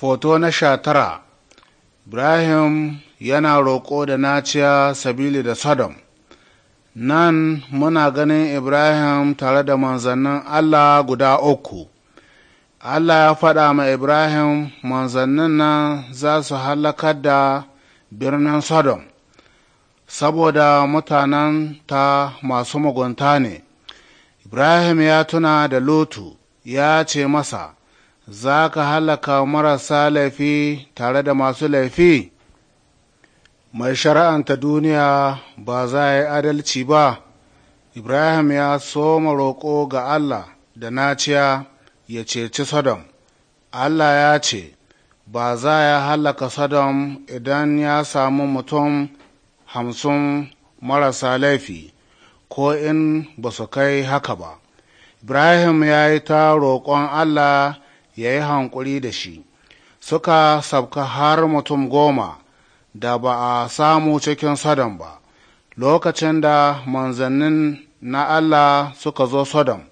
Foto na sha tara Ibrahim yana roƙo da naciya sabili da Sodom. Nan muna ganin Ibrahim tare da manzannin Allah guda uku. Allah ya faɗa ma Ibrahim manzannin nan za su halakar da birnin Sodom, saboda mutanen ta masu mugunta ne. Ibrahim ya tuna da Lotu ya ce masa, za ka halaka marasa laifi tare da masu laifi mai shara'anta duniya ba za a yi adalci ba ibrahim ya soma roƙo ga allah da naciya ya ceci sodom allah ya ce ba za ya halaka sodom idan ya samu mutum hamsin marasa laifi ko in ba su kai haka ba ibrahim ya yi ta roƙon allah ya yi hankuri da shi suka sabka har mutum goma da ba a samu cikin sodom ba lokacin da manzannin na allah suka zo sodom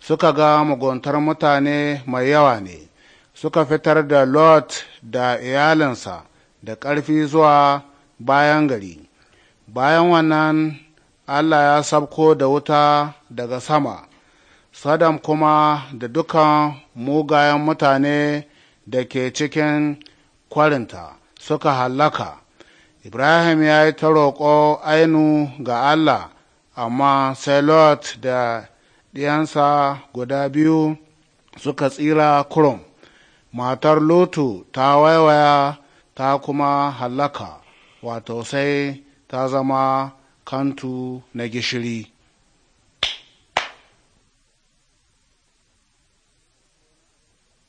suka ga muguntar mutane mai yawa ne suka fitar da lot da iyalinsa da ƙarfi zuwa bayan gari bayan wannan allah ya sabko da wuta daga sama Sadam kuma da dukan mugayen mutane da ke cikin kwarinta suka hallaka. Ibrahim ya yi ta roƙo ainu ga Allah, amma sai Lot da ɗiyansa guda biyu suka tsira kurum. Matar Lutu ta waiwaya ta kuma hallaka, wato sai ta zama kantu na gishiri.